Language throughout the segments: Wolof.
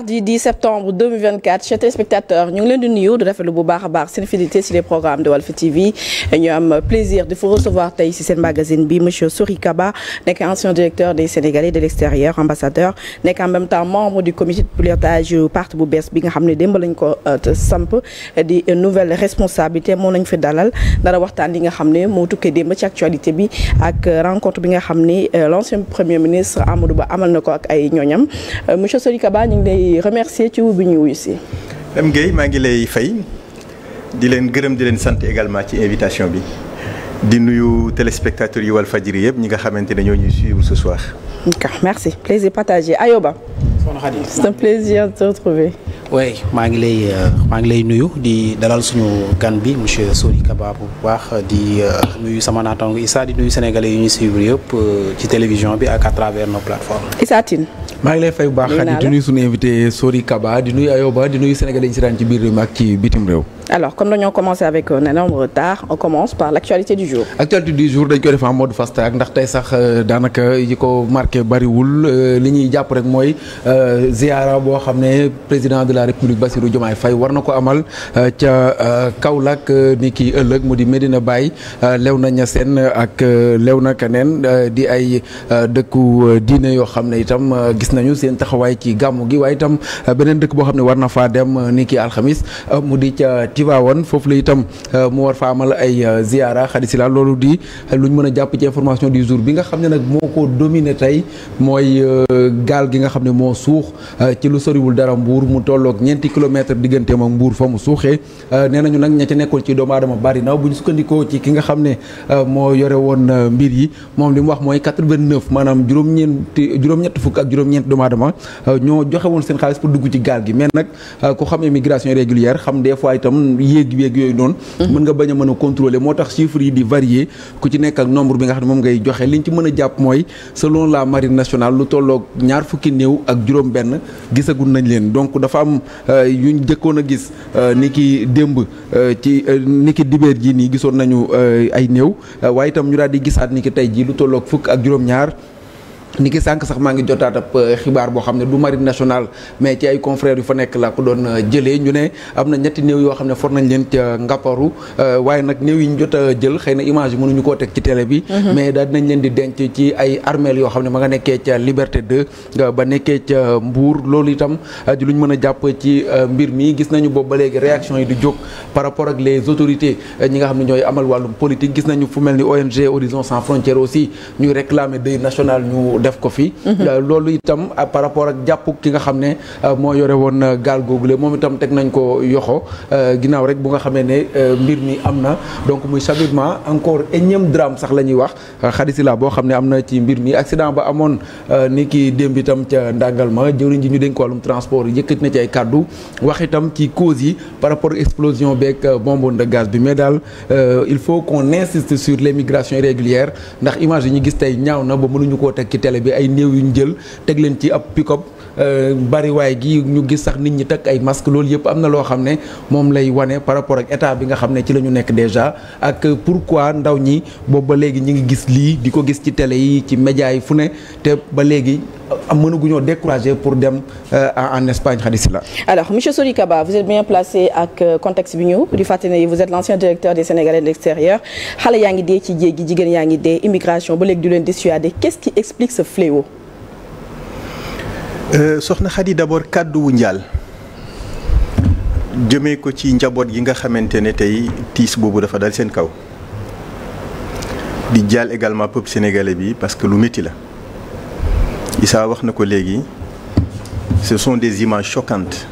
mardi 10 septembre ñu ngi leen di nuyu di rafetlu bu baax a baax seen fidélité si les programmes de Walf TV ñu am plaisir de vous recevoir tey si seen magazine bi monsieur Souri Kaba nekk ancien directeur des Sénégalais de l'extérieur ambassadeur nekk en même temps membre du comité de pilotage parti bu bees bi nga xam ne démb lañ ko euh, samp di nouvelle responsabilité moom lañ fi dalal dara waxtaan li nga xam ne moo tukkee démb ci bi ak rencontre bi nga xam ne euh, l'ancien premier ministre Amadou Ba amal na ko ak ay ñooñam euh, monsieur di remercier ci wu bi ñu wuyu si. Dame Gueye maa ngi lay fay di leen gërëm di leen sant également ci invitation bi di nuyu téléspectateurs yu Walfadjri yëpp ñi nga xamante ne ñoo ñuy suivre ce soir. d'accord merci plaisir partagé Ayoba. soxna plaisir te retrouver. oui maa ngi lay euh, maa ngi lay nuyu di dalal suñu gan bi monsieur Sori Kaba bu baax di euh, nuyu sama naataango Issa di nuyu sénégalais yu ñu suivre yëpp euh, ci télévision bi ak à travers nos plateformes. Issa Tine. maa ngi lay fay bu baax xarit di nuyu suñu invité Sori Kaba di nuyu Ayoba di nuyu sénégalais yi ñu si daan ci biir réew mi ak ci bitim réew. alors comme dañoo commencé avec un retard on commence par l' du jour. actualité du jour dañ koy def en mode fast ndax tey li ñuy jàpp rek boo xam ne la république Bassirou Diomaye Faye war na ko amal euh, ca euh, Kaolack euh, ni ki ëllëg mu di Medina Baye Léona Niassène ak Léona Kaneen di ay dëkku diine yoo xam ne itam gis nañu seen taxawaay ci gàmmu gi waaye itam beneen dëkk boo xam ne war na faa dem ni ki alxamis mu di ca Tivaouane foofu la itam mu war faa amal ay ziara xadisi la loolu di luñ mën a jàpp ci information du jour bi nga xam ne nag moo ko dominé tey mooy gaal gi nga xam ne moo suux ci lu soriwul tolloog ñeenti kilomètre diggante ma Mbour fa mu suuxee euh, nee nañu nag ña ca nekkoon ci doomu aadama bari na bu ñu sukkandikoo ci ki nga xam ne euh, moo yore woon euh, mbir yi moom li mu wax mooy 89 maanaam juróom-ñeenti juróom-ñett fukk ak juróom-ñeent doomu aadama ñoo joxe woon seen xaalis pour dugg ci gaal gi mais nag ku xam immigration régulière xam des fois itam yéeg yéeg yooyu noonu mm-hmm. mën nga bañ a mën a contrôler moo tax chiffres yi di varier ku ci nekk ak nombre bi nga xam ne moom ngay joxe li liñ ci mën a jàpp mooy sa selon la mari nationale lu tolloog ñaar fukki néew ak juróom benn gisagun nañ leen donc am euh, yuñ jëkkoon a gis euh, ni ki démb euh, ci ni ki dibeer ji nii gisoon nañu ay néew waaye itam ñu daal di gisaat ni ki tey jii lu tolloog fukk ak juróom-ñaar ni ki sànq sax maa ngi jotaat euh, xibaar boo xam ne du marine nationale mais ci ay confrères yu fa nekk laa ko doon euh, jëlee ñu ne am na ñetti néew yoo xam ne for nañ leen ca ngàpparu euh, waaye nag néew yi ñu jot jël xëy na image yi mënuñu koo teg ci télé bi mhm. mais daal dinañ leen di denc ci ay armeel xam ne ma nga nekkee ca Liberté ba nekkee ca Mbour loolu itam lu ñu mën a jàpp ci mbir mi gis nañu boobu ba léegi réaction yi di jóg par rapport les autorités ñi nga xam ne ñooy amal wàllum politique gis nañu fu mel ni ONG Horizon Sans Frontières aussi ñuy réclamer deuil national ñu def ko fi. Mhm. Euh, loolu itam euh, par rapport ak jàpp ki nga xam ne euh, moo yore woon gaal googule moom itam teg nañ ko yoxo ginnaaw rek bu nga xamee ne mbir mi am na donc muy chavirement encore énième drame sax la ñuy wax xadisi la boo xam ne am na ci mbir mi accident ba amoon ni ki démb itam ca ndàngal ma jëwriñ ji ñu dénk wàllum transport yëkkati na ci ay kàddu wax itam ci cause yi par rapport explosion beeg bonbonne de gaz bi mais daal il faut qu'on insiste sur l'immigration irrégulière ndax image yi ñu gis télé bi ay néew yu ñu jël teg leen ci ab pick Euh, bariwaay gi ñu gis sax nit ñi takk ay masque loolu yëpp am na loo xam ne moom lay wane par rapport ak état bi nga xam ne ci la ñu nekk déjà ak pourquoi ndaw ñi boobu ba léegi ñu ngi gis lii di ko gis ci télé yi ci média yi fu ne te ba léegi mënaguñoo découragé pour dem euh, en Espagne xadisi la alors monsieur Sori vous êtes bien placé ak euh, contexte bi ñu di fàttali ne vous êtes l'ancien directeur des Sénégalais de l'extérieur xale yaa ngi dee ci géej gi jigéen yaa ngi dee immigration ba léegi du leen dissuader qu'est-ce qui explique Euh, soxna Khady d'abord kàddu wu njaal jëmee ko ci njaboot gi nga xamante ne tey tiis boobu dafa dal seen kaw di jaal également peuple sénégalais bi parce que lu métti la Issa wax na ko léegi ce son des images choquantes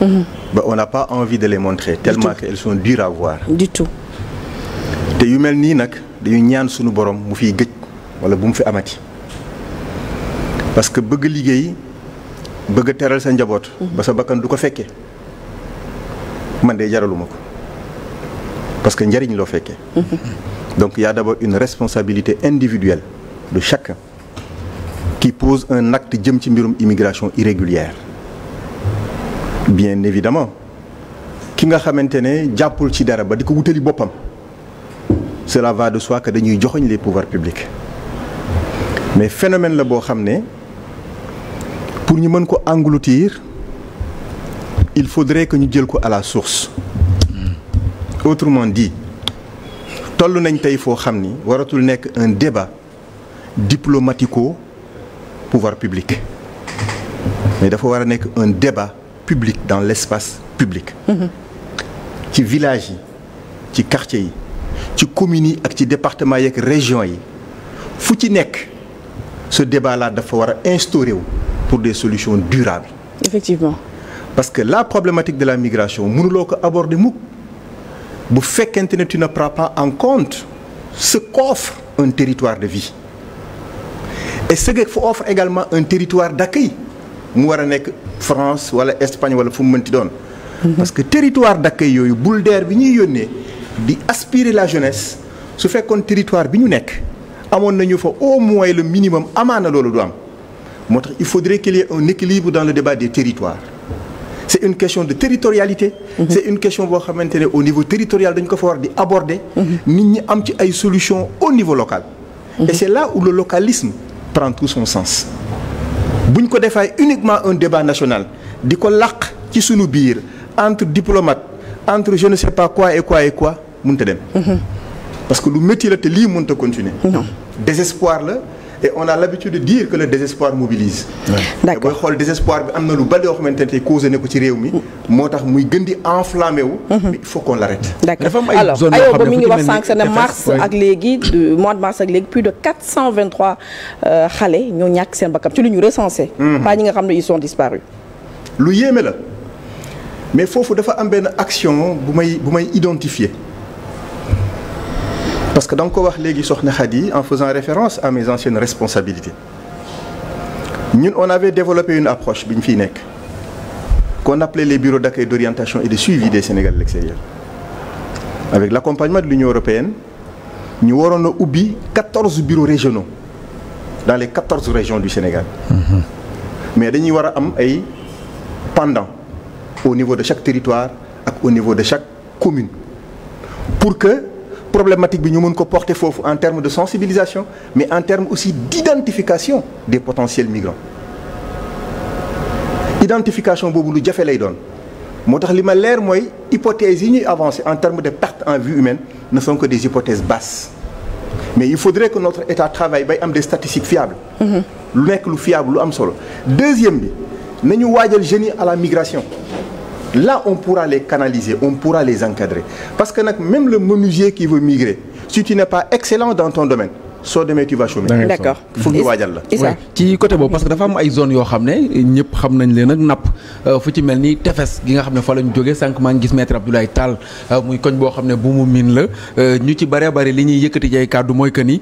mmh. ba on pas envie de les montrer tellement que elles sont dures à voir te yu mel nii nag dañu ñaan suñu borom mu fiy gëj wala bu mu fi amati parce que bëgg liggéey bëgg teral sa njaboot. ba sa bakkan du ko fekkee man de jaraluma ko parce que njariñ loo fekkee. donc y a d'abord une responsabilité individuelle de chacun qui pose un acte jëm ci mbirum immigration irrégulière bien évidemment ki nga xamante ne jàppul ci dara ba di ko wutali boppam cela va de soi que dañuy joxoñ les pouvoirs publics mais phénomène la boo xam ne. pour ñu mën ko engloutir il faudrait que ñu jël ko àlla la source autrement di toll nañ tey foo xam ni waratul nekk un débat diplomatico pouvoir public mais dafa war a nekk un débat public dans l'espace public ci village yi ci quartier yi ci communes yi ak ci département yi ak région yi fu ci nekk ce débat là dafa war a wu pour des solutions durables. effectivement. parce que la problématique de la migration mënuloo ko abordé mukk bu fekkente ne tu ne prends pas en compte ce qu'offre un territoire de vie et ce que offre également un territoire d'accueil mu war a nekk France wala Espagne wala fu mu mënti doon. Mhm. parce que territoire d'accueil yooyu bul deer bi ñuy yónnee di aspirer la jeunesse su fekkoon teritoire bi ñu nekk amoon nañu fa au moins le minimum amaana loolu du am. moo tax il faudrait qu'il y ait un équilibre dans le débat des territoires c'est une question de territorialité mm-hmm. c'est une question boo xamante ne au niveau territorial dañ ko fa war di aborder mm-hmm. nit ñi am ci ay solution au niveau local mm-hmm. et c'est là où le localisme prend tout son sens buñ ko defee uniquement un débat national di ko làq ci sunu biir entre diplomate entre je ne sais pas quoi et quoi et quoi mënta dem parce que lu métti la te lii mënta continuer et on a l'habitude de dire que le désespoir mobilise d'accord booy xool désespoir bi am na lu bari yoo xamante ne tey causé ne ko ci réew mi moo tax muy gën di enflammé wu mhm. mais la faut qu'on l'arrête dafa am ay zone yoo xam ne mi ngi wax sànq ne mars ak léegi mois de mars ak léegi plus de euh, xale ñoo ñàkk seen bakkan ci lu ñu recensé mhm. pas ñi nga xam ne ils sont disparus lu yéeme la mais foofu dafa am benn action bu may bu may identifier parce que da nga ko wax léegi soxna Khady en faisant référence à mes anciennes responsabilités ñun on avait développé une approche bi ñu fiy nekk kon appelait les bureaux d'accueil d'orientation et de suivi des Sénégalais de l'extérieur avec l'accompagnement de l'Union européenne ñu waroon a ubbi quatorze bureaux régionaux dans les quatorze régions du Sénégal mhm. mais dañuy war a am ay pendant au niveau de chaque territoire ak au niveau de chaque commune problématique bi ñu mën ko porte foofu en termes de sensibilisation mais en termes aussi d'identification des potentiels migrants identification boobu lu jafe lay doon moo tax li ma leer mooy hypothèses yi ñuy avancer en termes de perte en vie humaine ne sont que des hypothèses basses mais il faudrait que notre état travaille bay am des statistiques fiables mm-hmm. lu nekk lu fiable lu am solo deuxième bi nañu waajal jeunes yi à la migration Là, on pourra les canaliser, on pourra les encadrer. Parce que même le menuisier qui veut migrer, si tu n'es pas excellent dans ton domaine, soo demee tu vas chômer. d'accord foog ñu waajal la. ci côté boobu parce que dafa am ay zone yoo xam ne ñëpp xam nañ leen ak napp euh, fu ci mel ni tefes gi nga xam ne fa lañ jógee sànq maa ngi gis maître Abdoulaye Tall euh, muy koñ boo xam ne bu mu miin la euh, ñu ci bare bëri li ñuy yëkkati jay kàddu mooy que ni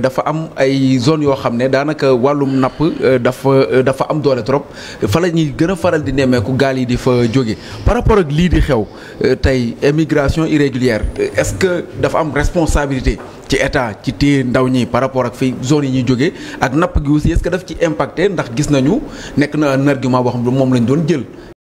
dafa am ay zone yoo xam ne daanaka wàllum napp dafa dafa am doole trop fa la ñuy gën a faral di nemmeeku gaal yi di fa jóge par rapport ak lii di xew tey émigration irrégulière est-ce que dafa am responsabilité. ci état ci téye ndaw ñi par rapport ak fi zone yi ñuy jógee ak napp gi aussi est-ce que daf ci impacté ndax gis nañu nekk na un argument boo xam ne moom lañ doon jël